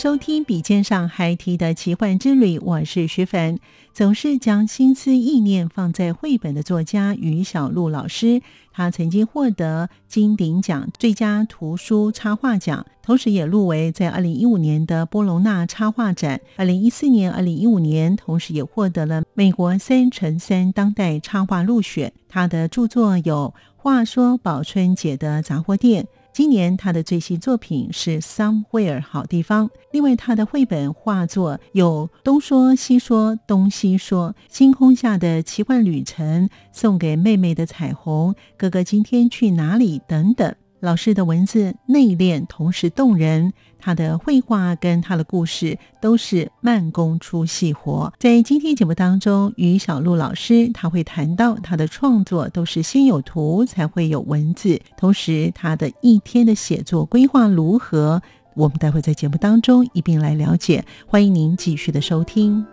收聽筆尖上孩提的奇幻之旅，我是徐凡。總是將心思意念放在繪本的作家於小鷺老師，他曾經獲得金鼎獎最佳圖書插畫獎，同時也入圍在二零一五年的波隆那插畫展。二零一四年、二零一五年，同時也獲得了美國三乘三當代插畫入選。他的著作有《畫說寶春姐的雜貨店》。今年他的最新作品是《Somewhere 好地方》。另外，他的繪本畫作有《東說西說東西說》《星空下的奇幻旅程》《送給妹妹的彩虹》《哥哥今天去哪裡》等等。老師的文字內斂，同時動人。他的繪畫跟他的故事都是慢工出細活。在今天節目當中，於小鷺老師他會談到他的創作都是先有圖才會有文字，同時他的一天的寫作規劃如何，我們待會在節目當中一併來了解。歡迎您繼續的收聽。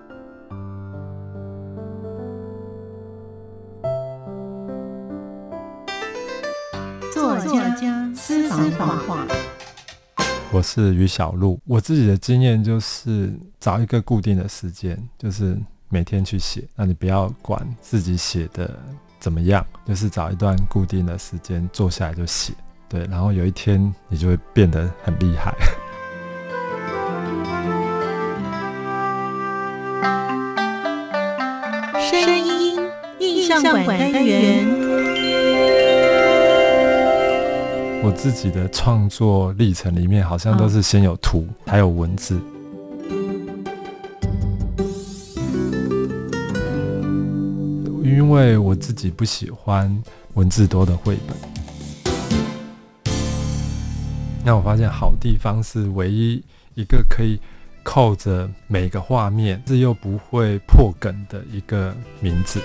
作家私房話。思思我是於小鷺，我自己的經驗就是找一個固定的時間，就是每天去寫。那你不要管自己寫的怎麼樣，就是找一段固定的時間坐下來就寫。對，然後有一天你就會變得很厲害。聲音印象館單元。我自己的創作歷程裡面，好像都是先有圖，還有文字。因為我自己不喜歡文字多的繪本。那我發現好地方是唯一一個可以扣着每個畫面，這又不會破梗的一個名字。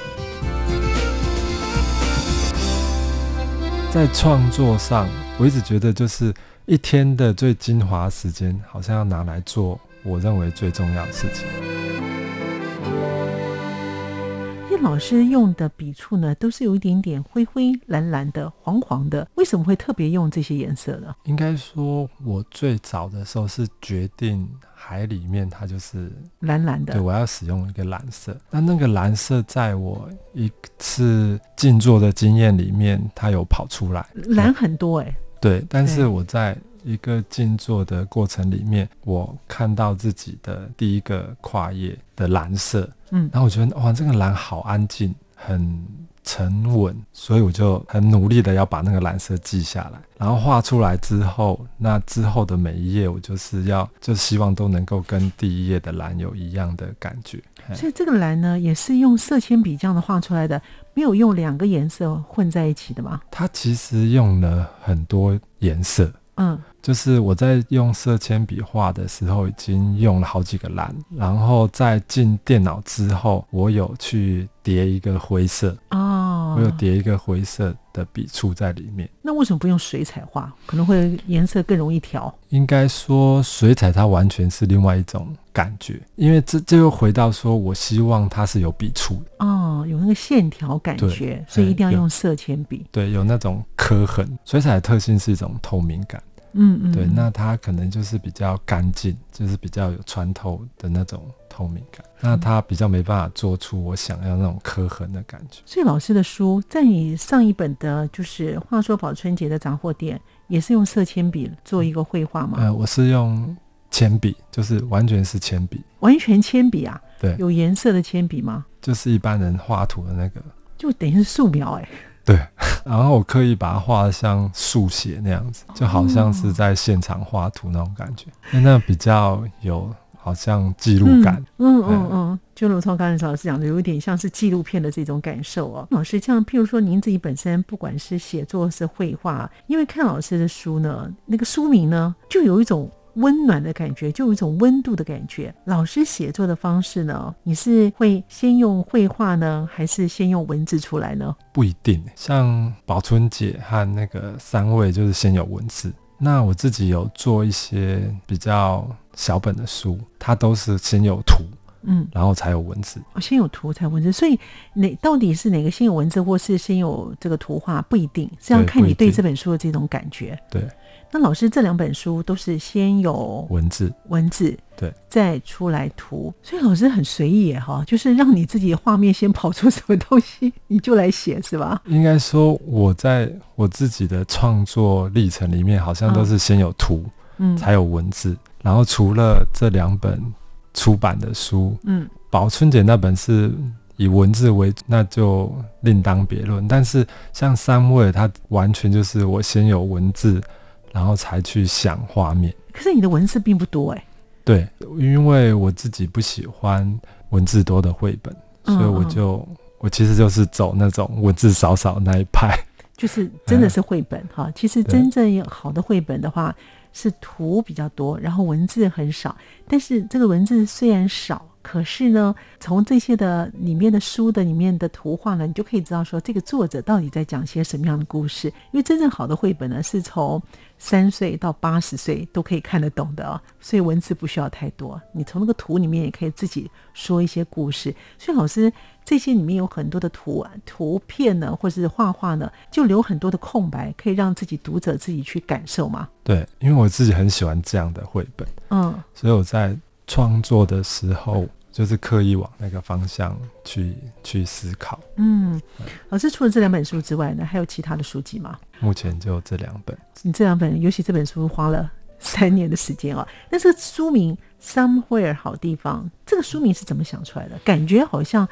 在創作上。我一直覺得，就是一天的最精華時間，好像要拿來做我認為最重要的事情。於老師用的筆觸呢，都是有一點點灰灰、藍藍的、黃黃的，為什麼會特別用這些顏色呢？應該說，我最早的時候是決定海裡面它就是藍藍的，對，我要使用一個藍色。那那個藍色在我一次靜坐的經驗裡面，它有跑出來，藍很多哎、欸。嗯對，但是我在一個靜坐的過程裡面，對我看到自己的第一個跨頁的藍色，嗯，然後我覺得哇，這個藍好安靜，很沉穩，所以我就很努力的要把那個藍色記下來，然後畫出來之後，那之後的每一頁我就是要，就希望都能夠跟第一頁的藍有一樣的感覺。所以這個藍呢，也是用色鉛筆這樣的畫出來的。有用兩個顏色混在一起的嗎？它其實用了很多顏色，嗯，就是我在用色鉛筆畫的時候已經用了好幾個藍，嗯、然後在進電腦之後，我有去疊一個灰色，哦，我有疊一個灰色。的筆觸在裡面，那為什麼不用水彩畫？可能會顏色更容易調。應該說，水彩它完全是另外一種感覺，因為這這又回到說，我希望它是有筆觸哦，有那個線條感覺，對所以一定要用色鉛筆。對，有那種刻痕。水彩的特性是一種透明感，嗯嗯，對，那它可能就是比較乾淨，就是比較有穿透的那種。透明感，那他比較沒辦法做出我想要那種刻痕的感覺、嗯。所以老師的書，在你上一本的，就是畫說寶春姐的雜貨店，也是用色鉛筆做一個繪畫嗎？呃、嗯嗯，我是用鉛筆，就是完全是鉛筆，嗯、完全鉛筆啊。對，有顏色的鉛筆嗎？就是一般人畫圖的那個，就等於是素描哎、欸。對，然後我刻意把它畫的像速寫那樣子，就好像是在現場畫圖那種感覺，嗯、那比較有。好像記錄感嗯，嗯嗯嗯，嗯嗯，就如同剛才曹老師講的，有點像是紀錄片的這種感受哦、喔。老師，像譬如說您自己本身，不管是寫作是繪畫，因為看老師的書呢，那個書名呢，就有一種溫暖的感覺，就有一種溫度的感覺。老師寫作的方式呢，你是會先用繪畫呢，還是先用文字出來呢？不一定，像寶春姐和那個三位就是先有文字。那我自己有做一些比較小本的書，它都是先有圖，嗯，然後才有文字。哦，先有圖才有文字，所以哪到底是哪個先有文字，或是先有這個圖畫，不一定是要看你對這本書的這種感覺。對。那老師這兩本書都是先有文字，文字，文字對，再出來圖，所以老師很隨意哈，就是讓你自己的畫面先跑出什麼東西，你就來寫是吧？應該說，我在我自己的創作歷程裡面，好像都是先有圖，嗯，才有文字。然後除了這兩本出版的書，嗯，寶春姐那本是以文字為主，那就另當別論。但是像 Somewhere，他完全就是我先有文字。然後才去想畫面。可是你的文字並不多哎、欸。對，因為我自己不喜歡文字多的繪本，哦哦所以我就我其實就是走那種文字少少那一派。就是真的是繪本哈，嗯、其實真正好的繪本的話，對是圖比較多，然後文字很少。但是這個文字雖然少。可是呢，從這些的裡面的書的裡面的圖畫呢，你就可以知道說這個作者到底在講些什麼樣的故事。因為真正好的繪本呢，是從三歲到八十歲都可以看得懂的。所以文字不需要太多。你從那個圖裡面也可以自己說一些故事。所以老師，這些裡面有很多的圖圖片呢，或是畫畫呢，就留很多的空白，可以讓自己讀者自己去感受嘛。對，因為我自己很喜歡這樣的繪本，嗯，所以我在創作的時候。就是刻意往那個方向去去思考。嗯，老師，除了這兩本書之外呢，還有其他的書籍嗎？目前就這兩本。你這兩本，尤其這本書花了三年的時間哦。那這個書名《Somewhere 好地方》，這個書名是怎麼想出來的？感覺好像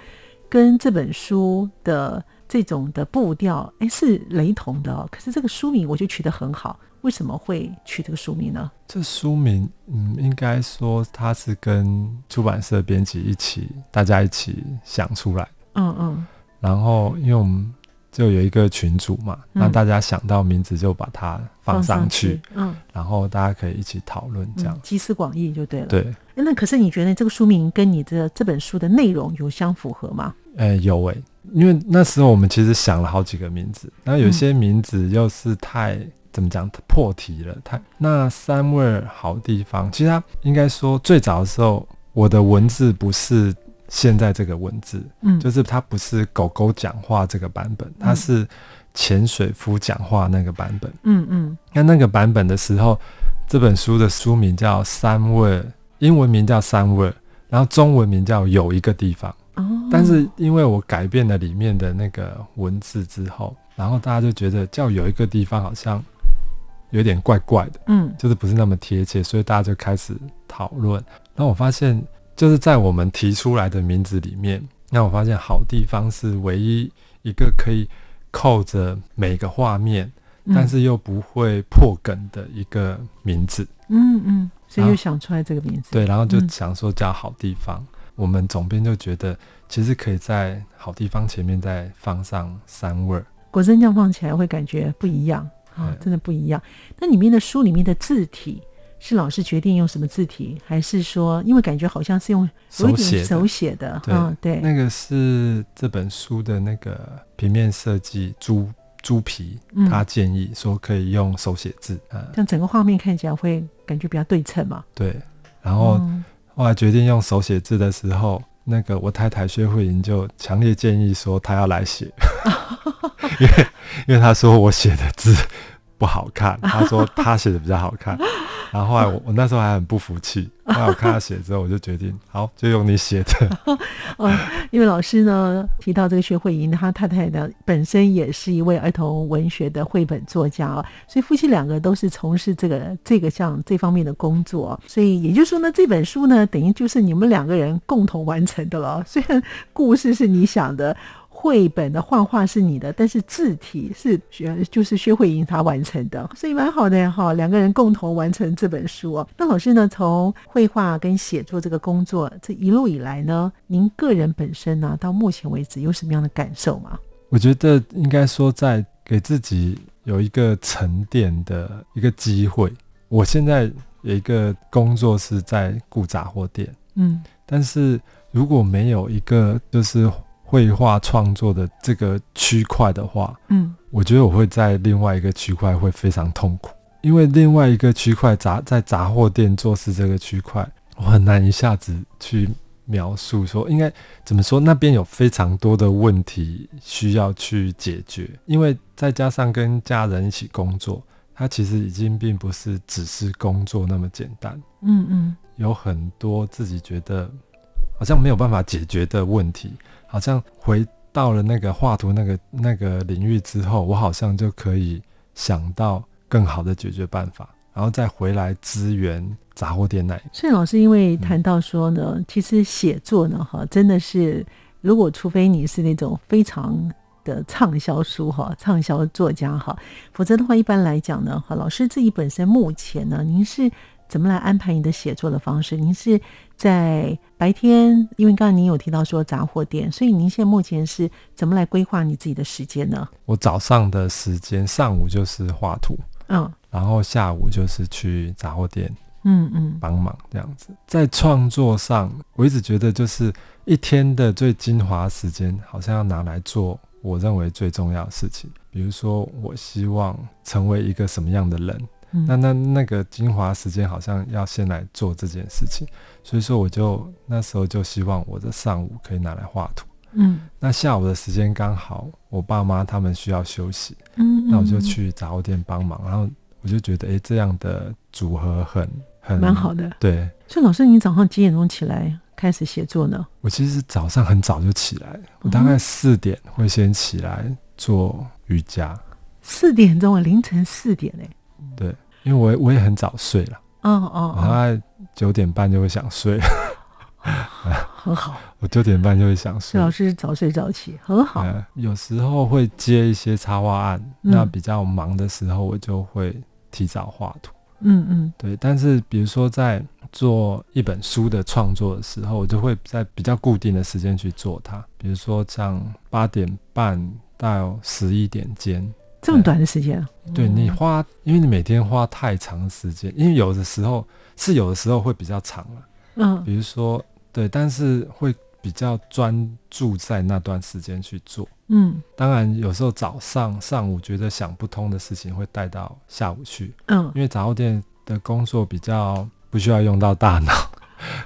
跟這本書的這種的步調，哎，是雷同的哦。可是這個書名，我就取得很好。為什麼會取這個書名呢？這書名，嗯，應該說它是跟出版社編輯一起，大家一起想出來的。嗯嗯。然後，因為我們就有一個群組嘛，嗯、那大家想到名字就把它放上去。放上去嗯。然後大家可以一起討論，這樣、嗯、集思廣益就對了。對、欸。那可是你覺得你這個書名跟你的這，這本書的內容有相符合嗎？呃、欸，有誒、欸，因為那時候我們其實想了好幾個名字，那有些名字又是太、嗯……怎麼講？破題了。它那 Somewhere 好地方，其實它應該說最早的時候，我的文字不是現在這個文字，嗯，就是它不是狗狗講話這個版本，它是潛水夫講話那個版本，嗯嗯。那那個版本的時候，這本書的書名叫《Somewhere》，英文名叫《Somewhere》，然後中文名叫《有一個地方》。哦。但是因為我改變了裡面的那個文字之後，然後大家就覺得叫有一個地方好像，有點怪怪的，嗯，就是不是那麼貼切，所以大家就開始討論。那我發現就是在我們提出來的名字裡面，那我發現“好地方”是唯一一個可以扣着每個畫面，嗯、但是又不會破梗的一個名字。嗯嗯，所以就想出來這個名字。對，然後就想說叫“好地方”，嗯、我們總編就覺得其實可以在“好地方”前面再放上 Somewhere，果真這樣放起來會感覺不一樣。啊、哦，真的不一樣。那裡面的書裡面的字體是老師決定用什麼字體，還是說因為感覺好像是用手寫手寫的？對、嗯、對，那個是這本書的那個平面設計豬豬皮，他建議說可以用手寫字啊，嗯嗯、這樣整個畫面看起來會感覺比較對稱嘛。對，然後後來決定用手寫字的時候，嗯、那個我太太薛慧瑩就強烈建議說她要來寫。啊。因為因為他說我寫的字不好看，他說他寫的比較好看。 然後後來我我那時候還很不服氣，那 我看他寫之後，我就決定好，就用你寫的 、哦。因為老師呢提到這個薛慧瑩，他太太呢本身也是一位兒童文學的繪本作家哦，所以夫妻兩個都是從事這個這個像這方面的工作、哦。所以也就是說呢，這本書呢等於就是你們兩個人共同完成的了，雖然故事是你想的。繪本的畫畫是你的，但是字體是薛，就是薛慧瑩她完成的，所以蠻好的哈。兩個人共同完成這本書，哦。那老師呢，從繪畫跟寫作這個工作這一路以來呢，您個人本身呢，到目前為止有什麼樣的感受嗎？我覺得應該說，在給自己有一個沉澱的一個機會。我現在有一個工作是在顧雜貨店，嗯，但是如果沒有一個就是。繪畫創作的這個區塊的話，嗯，我覺得我會在另外一個區塊會非常痛苦，因為另外一個區塊雜在雜貨店做事這個區塊，我很難一下子去描述說應該怎麼說。那邊有非常多的問題需要去解決，因為再加上跟家人一起工作，它其實已經並不是只是工作那麼簡單。嗯嗯，有很多自己覺得好像沒有辦法解決的問題。好像回到了那個畫圖那個那個領域之後，我好像就可以想到更好的解決辦法，然後再回來支援雜貨店那。所以老師因為談到說呢，嗯、其實寫作呢哈，真的是如果除非你是那種非常的暢銷書哈，暢銷作家哈，否則的話一般來講呢哈，老師自己本身目前呢，您是。怎麼來安排你的寫作的方式？您是在白天，因為剛才您有提到說雜貨店，所以您現在目前是怎麼來規劃你自己的時間呢？我早上的時間，上午就是畫圖，嗯，然後下午就是去雜貨店，嗯嗯，幫忙這樣子。嗯嗯，在創作上，我一直覺得就是一天的最精華時間，好像要拿來做我認為最重要的事情。比如說，我希望成為一個什麼樣的人？嗯、那那那個精華時間好像要先來做這件事情，所以說我就那時候就希望我的上午可以拿來畫圖，嗯，那下午的時間剛好我爸媽他們需要休息，嗯，那我就去雜貨店幫忙，嗯、然後我就覺得哎、欸、這樣的組合很很蠻好的，對。所以老師，你早上幾點鐘起來開始寫作呢？我其實是早上很早就起來，我大概四點會先起來做瑜伽，四、嗯、點鐘、啊、凌晨四點哎、欸。對，因為我也我也很早睡了，嗯嗯、哦，我、哦、大概九點半就會想睡，嗯、 很好， 我九點半就會想睡。老師早睡早起很好、呃，有時候會接一些插畫案，嗯、那比較忙的時候我就會提早畫圖，嗯嗯，嗯對。但是比如說在做一本書的創作的時候，我就會在比較固定的時間去做它，比如說像八點半到十一點間。這麼短的時間？對，你花，因為你每天花太長時間，嗯、因為有的時候是有的時候會比較長了，嗯，比如說對，但是會比較專注在那段時間去做，嗯，當然有時候早上上午覺得想不通的事情會帶到下午去，嗯，因為雜貨店的工作比較不需要用到大腦，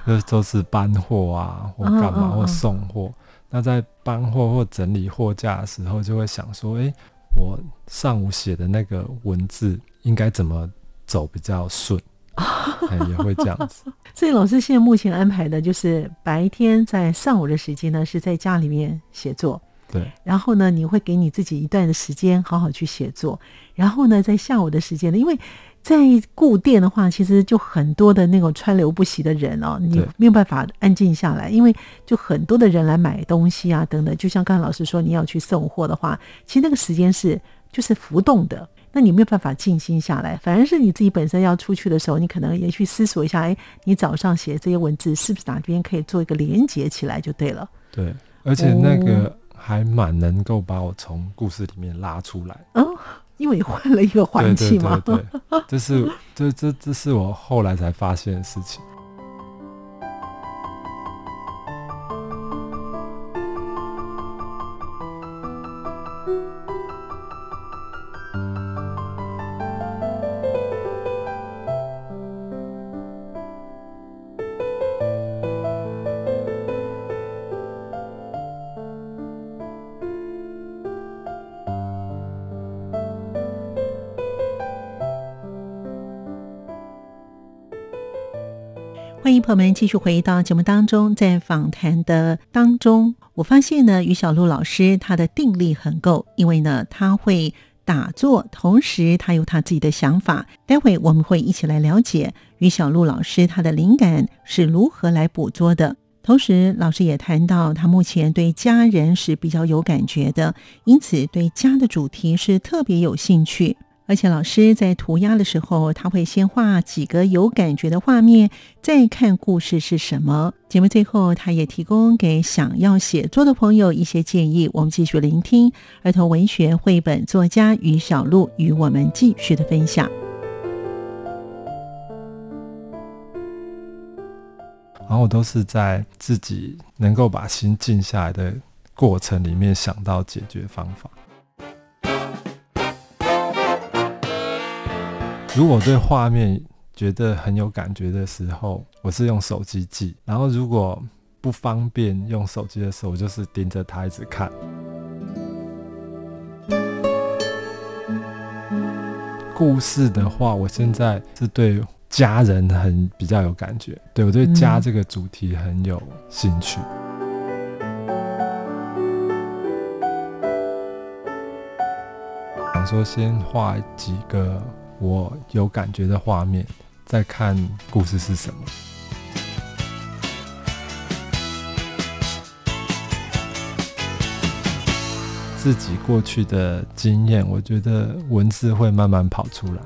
就、嗯、 都是搬貨啊或幹嘛哦哦哦或送貨，那在搬貨或整理貨架的時候就會想說，哎、欸。我上午寫的那個文字應該怎麼走比較順？ 也會這樣子。 所以老師現在目前安排的就是白天在上午的時間呢，是在家裡面寫作。對，然後呢，你會給你自己一段的時間好好去寫作。然後呢，在下午的時間呢，因為。在顧店的話，其實就很多的那種川流不息的人哦，你沒有辦法安靜下來，對因為就很多的人來買東西啊，等等。就像剛才老師說，你要去送貨的話，其實那個時間是就是浮動的，那你沒有辦法靜心下來。反而是你自己本身要出去的時候，你可能也去思索一下，哎，你早上寫這些文字是不是哪邊可以做一個連接起來就對了。對，而且那個還蠻能夠把我從故事裡面拉出來。哦、嗯。因為你換了一個環境嘛，對，這是這這這是我後來才發現的事情。朋友們，繼續回到節目當中，在訪談的當中，我發現呢，於小鷺老師他的定力很夠，因為呢，他會打坐，同時他有他自己的想法。待會我們會一起來了解於小鷺老師他的靈感是如何來捕捉的。同時，老師也談到，他目前對家人是比較有感覺的，因此對家的主題是特別有興趣。而且老師在塗鴉的時候，他會先畫幾個有感覺的畫面，再看故事是什麼。節目最後，他也提供給想要寫作的朋友一些建議。我們繼續聆聽兒童文學繪本作家於小鷺與我們繼續的分享。然後我都是在自己能夠把心靜下來的過程裡面想到解決方法。如果對畫面覺得很有感覺的時候，我是用手機記；然後如果不方便用手機的時候，我就是盯着台子看。故事的話，我現在是對家人很比較有感覺，對，我對家這個主題很有興趣。嗯、想說先畫幾個。我有感覺的畫面，在看故事是什麼。自己過去的經驗，我覺得文字會慢慢跑出來。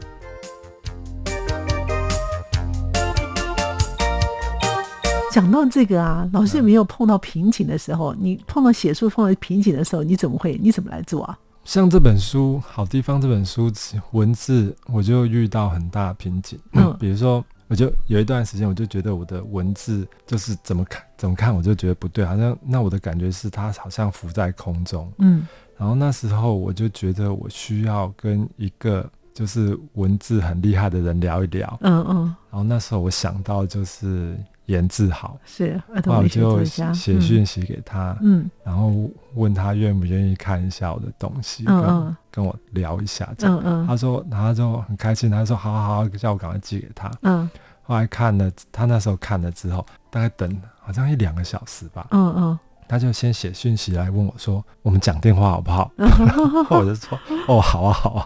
講到這個啊，老師沒有碰到瓶頸的時候？嗯、你碰到寫書碰到瓶頸的時候，你怎麼會？你怎麼來做啊？像這本書《好地方》這本書，文字我就遇到很大的瓶頸。嗯，比如說，我就有一段時間，我就覺得我的文字就是怎麼看怎麼看，我就覺得不對，好像那我的感覺是它好像浮在空中。嗯，然後那時候我就覺得我需要跟一個就是文字很厲害的人聊一聊。嗯嗯，然後那時候我想到就是。研製好是、啊，那我就寫訊息給他，嗯，嗯然後問他願不願意看一下我的東西，跟、嗯嗯、跟我聊一下，嗯嗯，嗯他說，他就就很開心，他說，好，好，好，叫我趕快寄給他，嗯，後來看了，他那時候看了之後，大概等好像一兩個小時吧，嗯嗯。嗯嗯他就先寫訊息來問我說，說我們講電話好不好？ 我就說哦，好啊，好啊。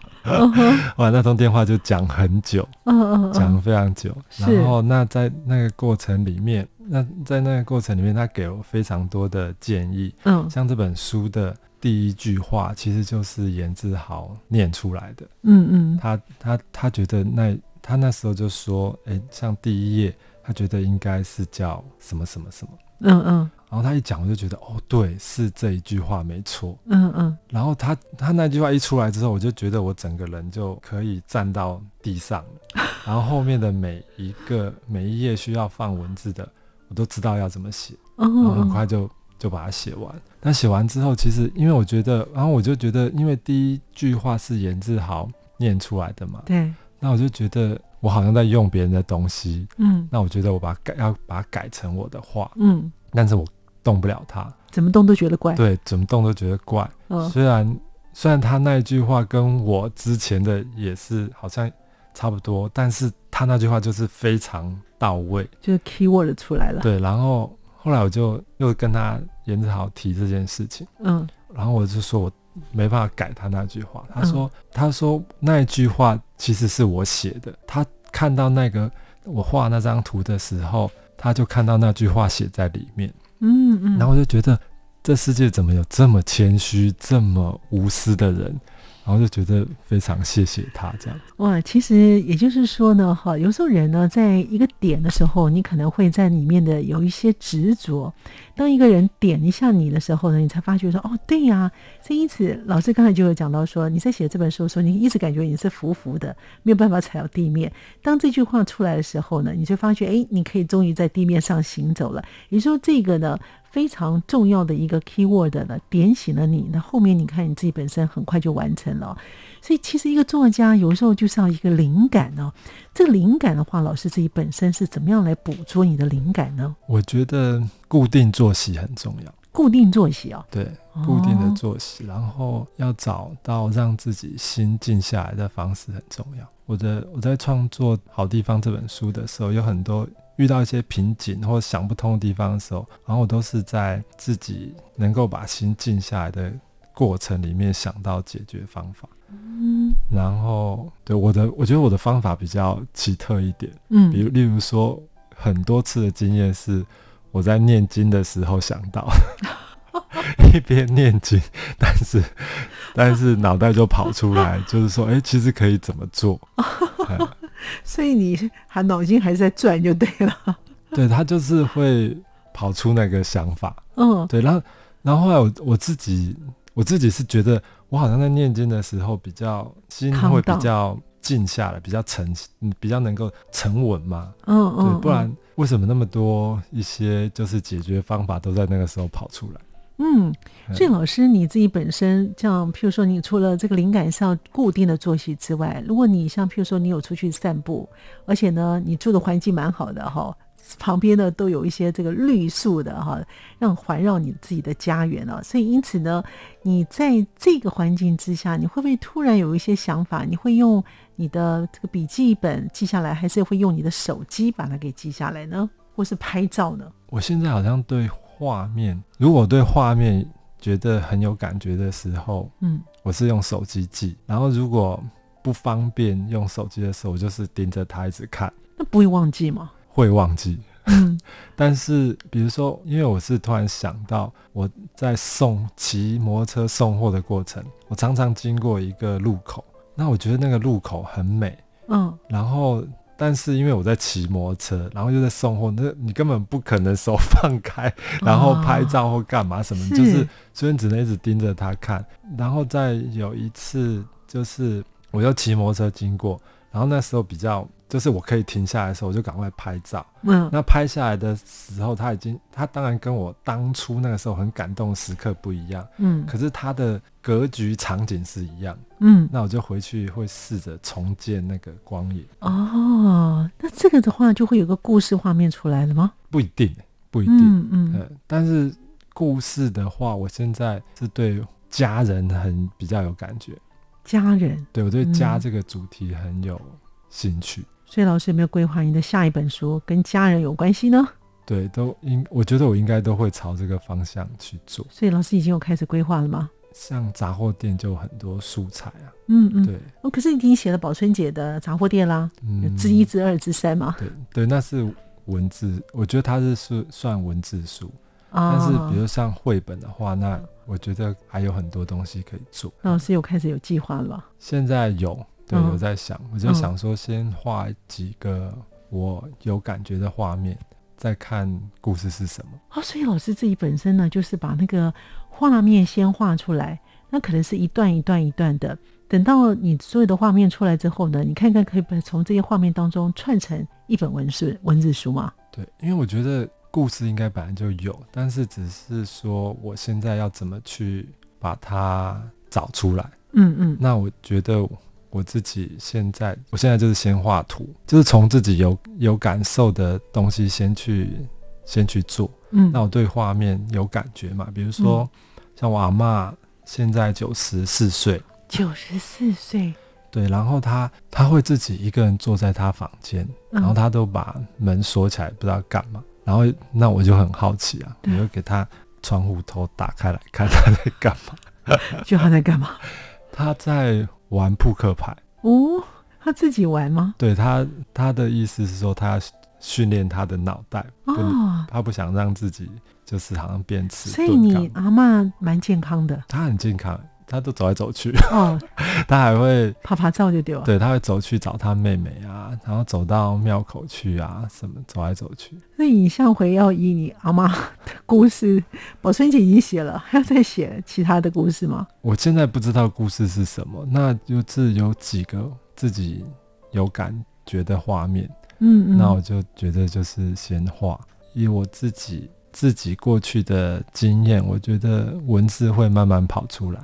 哇， 那通電話就講很久，講了 非常久。 然後那在那個過程裡面，是那在那個過程裡面，他給我非常多的建議。嗯、像這本書的第一句話，其實就是顏志豪念出來的。嗯嗯，他他他覺得那他那時候就說，哎、欸，像第一頁，他覺得應該是叫什麼什麼什麼。嗯嗯。然後他一講，我就覺得哦，對，是這一句話沒錯。嗯嗯。然後他他那句話一出來之後，我就覺得我整個人就可以站到地上了。 然後後面的每一個每一頁需要放文字的，我都知道要怎麼寫，哦哦哦然後很快就就把它寫完。但寫完之後，其實因為我覺得，然後我就覺得，因為第一句話是顏志豪念出來的嘛，對。那我就覺得我好像在用別人的東西。嗯。那我覺得我把改要把它改成我的話。嗯。但是我。動不了他，怎麼動都覺得怪。對，怎麼動都覺得怪。哦、雖然雖然他那一句話跟我之前的也是好像差不多，但是他那句話就是非常到位，就是 keyword 出來了。對，然後後來我就又跟他言子豪，提這件事情。嗯，然後我就說我沒辦法改他那句話。他說、嗯、他說那句話其實是我寫的。他看到那個我畫那張圖的時候，他就看到那句話寫在裡面。嗯嗯，然後我就覺得，這世界怎麼有這麼謙虛、這麼無私的人？然後就覺得非常謝謝他這樣。哇，其實也就是說呢，哈，有時候人呢，在一個點的時候，你可能會在裡面的有一些執着。當一個人點一下你的時候呢，你才發覺說，哦，對呀，啊。所以因此，老師剛才就有講到說，你在寫這本書的時候，你一直感覺你是浮浮的，沒有辦法踩到地面。當這句話出來的時候呢，你就發覺哎，你可以終於在地面上行走了。也就是說，這個呢非常重要的一個 keyword 呢點醒了你。那後面你看你自己本身很快就完成了哦。所以其實一個作家有時候就是要一個靈感哦。這個靈感的話，老師自己本身是怎麼樣來捕捉你的靈感呢？我覺得固定作息很重要。固定作息哦，對，固定的作息，哦，然後要找到讓自己心靜下來的方式很重要。我的我在創作《好地方》這本書的時候，有很多遇到一些瓶頸或想不通的地方的時候，然後我都是在自己能夠把心靜下來的過程裡面想到解決方法。嗯，然後對我的，我覺得我的方法比較奇特一點。嗯，比如例如說，很多次的經驗是我在念經的時候想到， 一邊念經，但是但是腦袋就跑出來， 就是說，哎、欸，其實可以怎麼做？ 嗯、所以你還腦筋還是在轉就對了。對，他就是會跑出那個想法。嗯，對，然後然後後來我我自己。我自己是覺得，我好像在念經的時候比較心會比較靜下來，比較沉，比較能夠沉穩嘛。嗯嗯。不然為什麼那麼多一些就是解決方法都在那個時候跑出來？嗯，所以老師你自己本身像，譬如說，你除了這個靈感上固定的作息之外，如果你像譬如說你有出去散步，而且呢，你住的環境蠻好的齁。旁邊呢都有一些這個綠樹的哈，讓環繞你自己的家園啊，所以因此呢，你在這個環境之下，你會不會突然有一些想法？你會用你的這個筆記本記下來，還是會用你的手機把它給記下來呢？或是拍照呢？我現在好像對畫面，如果對畫面覺得很有感覺的時候，嗯，我是用手機記，然後如果不方便用手機的時候，我就是盯着它一直看。那不會忘記嗎？會忘記，嗯，但是比如說，因為我是突然想到，我在送騎摩托車送貨的過程，我常常經過一個路口，那我覺得那個路口很美，嗯，然後但是因為我在騎摩托車，然後又在送貨，那你根本不可能手放開，然後拍照或幹嘛什麼，哦、就是所以只能一直盯着他看。是然後再有一次，就是我又騎摩托車經過，然後那時候比較。就是我可以停下來的時候，我就趕快拍照。嗯，那拍下來的時候，他已經，他當然跟我當初那個時候很感動時刻不一樣。嗯，可是他的格局場景是一樣的。嗯，那我就回去會試着重建那個光影。哦，那這個的話就會有個故事畫面出來了嗎？不一定，不一定。嗯，嗯，嗯。但是故事的話，我現在是對家人很比較有感覺。家人，對，我對家這個主題很有興趣。嗯所以老師有沒有規劃你的下一本書跟家人有關係呢？對，都應我覺得我應該都會朝這個方向去做。所以老師已經有開始規劃了嗎？像雜貨店就有很多素材啊，嗯嗯，對。哦，可是你已經寫了寶春姐的雜貨店啦，嗯，之一知知、之二、之三嘛？對對，那是文字，我覺得它是是算文字書。啊。但是比如像繪本的話，那我覺得還有很多東西可以做。老師有開始有計劃了嗎？現在有。對，我在想，我就想說，先畫幾個我有感覺的畫面，再看故事是什麼啊。哦，所以老師自己本身呢，就是把那個畫面先畫出來，那可能是一段一段一段的。等到你所有的畫面出來之後呢，你看看可以不從這些畫面當中串成一本文字文字書嗎？對，因為我覺得故事應該本來就有，但是只是說我現在要怎麼去把它找出來。嗯嗯，那我覺得。我自己現在，我現在就是先畫圖，就是從自己有有感受的東西先去先去做。嗯，那我對畫面有感覺嘛？比如說，像我阿嬤現在九十四歲，九十四歲，對。然後她她會自己一個人坐在她房間，嗯、然後她都把門鎖起來，不知道幹嘛。然後那我就很好奇啊，對我就給她窗戶頭打開來看她在幹嘛？就她在幹嘛？她 在。玩撲克牌哦，他自己玩嗎？對他，他的意思是說，他要訓練他的腦袋，哦，他不想讓自己就是好像變遲鈍，所以你阿嬤蠻槓健康的，他很健康。他都走來走去，啊、哦， 他還會趴趴走就丟啊？對，他會走去找他妹妹啊，然後走到廟口去啊，什麼走來走去。那影像回要以你阿媽的故事，寶春姐已經寫了，還要再寫其他的故事嗎？我現在不知道故事是什麼，那就是有幾個自己有感覺的畫面，嗯，嗯，那我就覺得就是先畫，以我自己自己過去的經驗，我覺得文字會慢慢跑出來。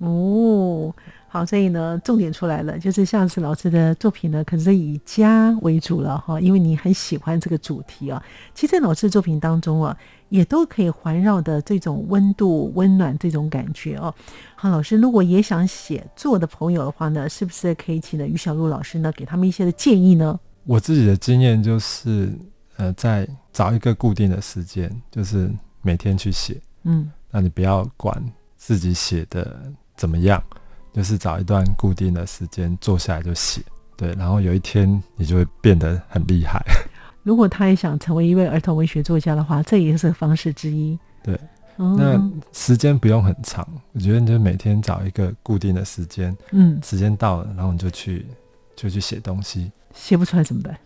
哦，好，所以呢，重點出來了，就是下次老師的作品呢，可是以家為主了哈，因為你很喜歡這個主題啊、哦。其實在老師的作品當中啊，也都可以環繞的這種溫度、溫暖這種感覺哦。好，老師如果也想寫作的朋友的話呢，是不是可以請了於小鷺老師呢，給他們一些的建議呢？我自己的經驗就是，呃，在找一個固定的時間，就是每天去寫，嗯，那你不要管自己寫的。怎麼樣？就是找一段固定的時間坐下來就寫，對，然後有一天你就會變得很厲害。如果他也想成為一位兒童文學作家的話，這也是個方式之一。對，那時間不用很長，我覺得你就每天找一個固定的時間，嗯，時間到了，然後你就去就去寫東西。寫不出來怎麼辦？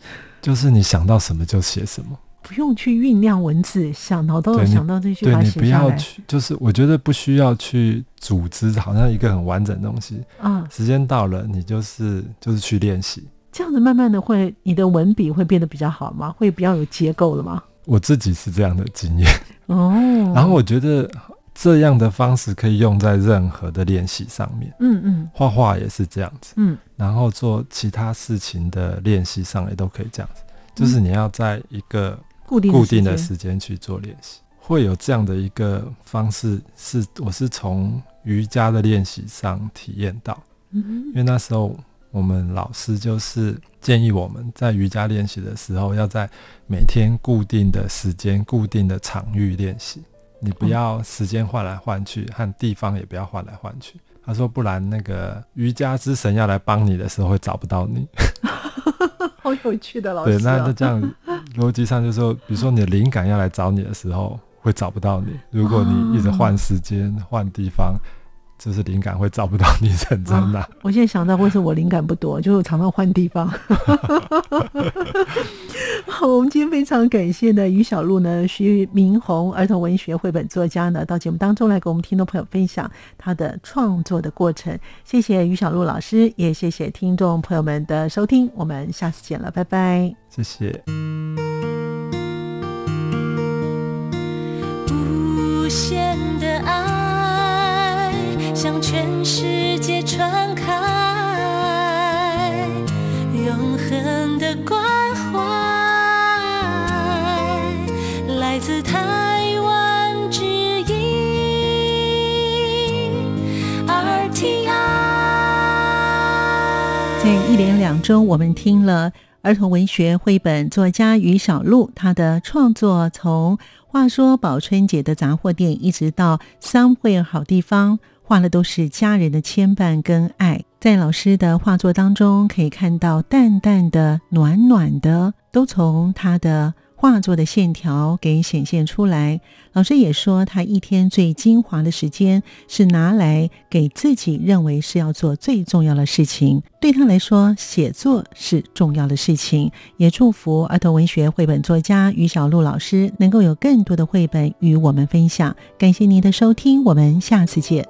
就是你想到什麼就寫什麼。不用去醞釀文字，想到都有想到這些。對，你不要去，就是我覺得不需要去組織，好像一個很完整的東西。啊、嗯，時間到了，你就是就是去練習，這樣子慢慢的會，你的文筆會變得比較好嗎？會比較有結構了嗎？我自己是這樣的經驗哦。然後我覺得這樣的方式可以用在任何的練習上面。嗯嗯，畫畫也是這樣子。嗯，然後做其他事情的練習上也都可以這樣子，嗯、就是你要在一個固定固定的時間去做練習，會有這樣的一個方式。是我是從瑜伽的練習上體驗到，嗯、哼因為那時候我們老師就是建議我們在瑜伽練習的時候，要在每天固定的時間、固定的場域練習，你不要時間換來換去，和地方也不要換來換去。他說，不然那個瑜伽之神要來幫你的時候，會找不到你。 好有趣的老師、啊，對，那就這樣邏輯上就是說，比如說你的靈感要來找你的時候，會找不到你。如果你一直換時間、嗯、換地方。只是靈感會找不到你，成真的，啊啊。我現在想到，或是我靈感不多，就是，常常換地方 好。我們今天非常感謝呢，於小鷺呢，徐銘宏兒童文學繪本作家呢，到節目當中來給我們聽眾朋友分享他的創作的過程。謝謝於小鷺老師，也謝謝聽眾朋友們的收聽。我們下次見了，拜拜。謝謝。全世界傳開，永恆的關懷來自臺灣之音。RTI 在一連兩週，我們聽了兒童文學繪本作家於小鷺她的創作，從畫說寶春姐的雜貨店，一直到 Somewhere 好地方。畫的都是家人的牽絆跟愛，在老師的畫作當中，可以看到淡淡的、暖暖的，都從他的畫作的線條給顯現出來。老師也說，他一天最精華的時間是拿來給自己認為是要做最重要的事情。對他來說，寫作是重要的事情。也祝福兒童文學繪本作家於小鷺老師能夠有更多的繪本與我們分享。感謝您的收聽，我們下次見。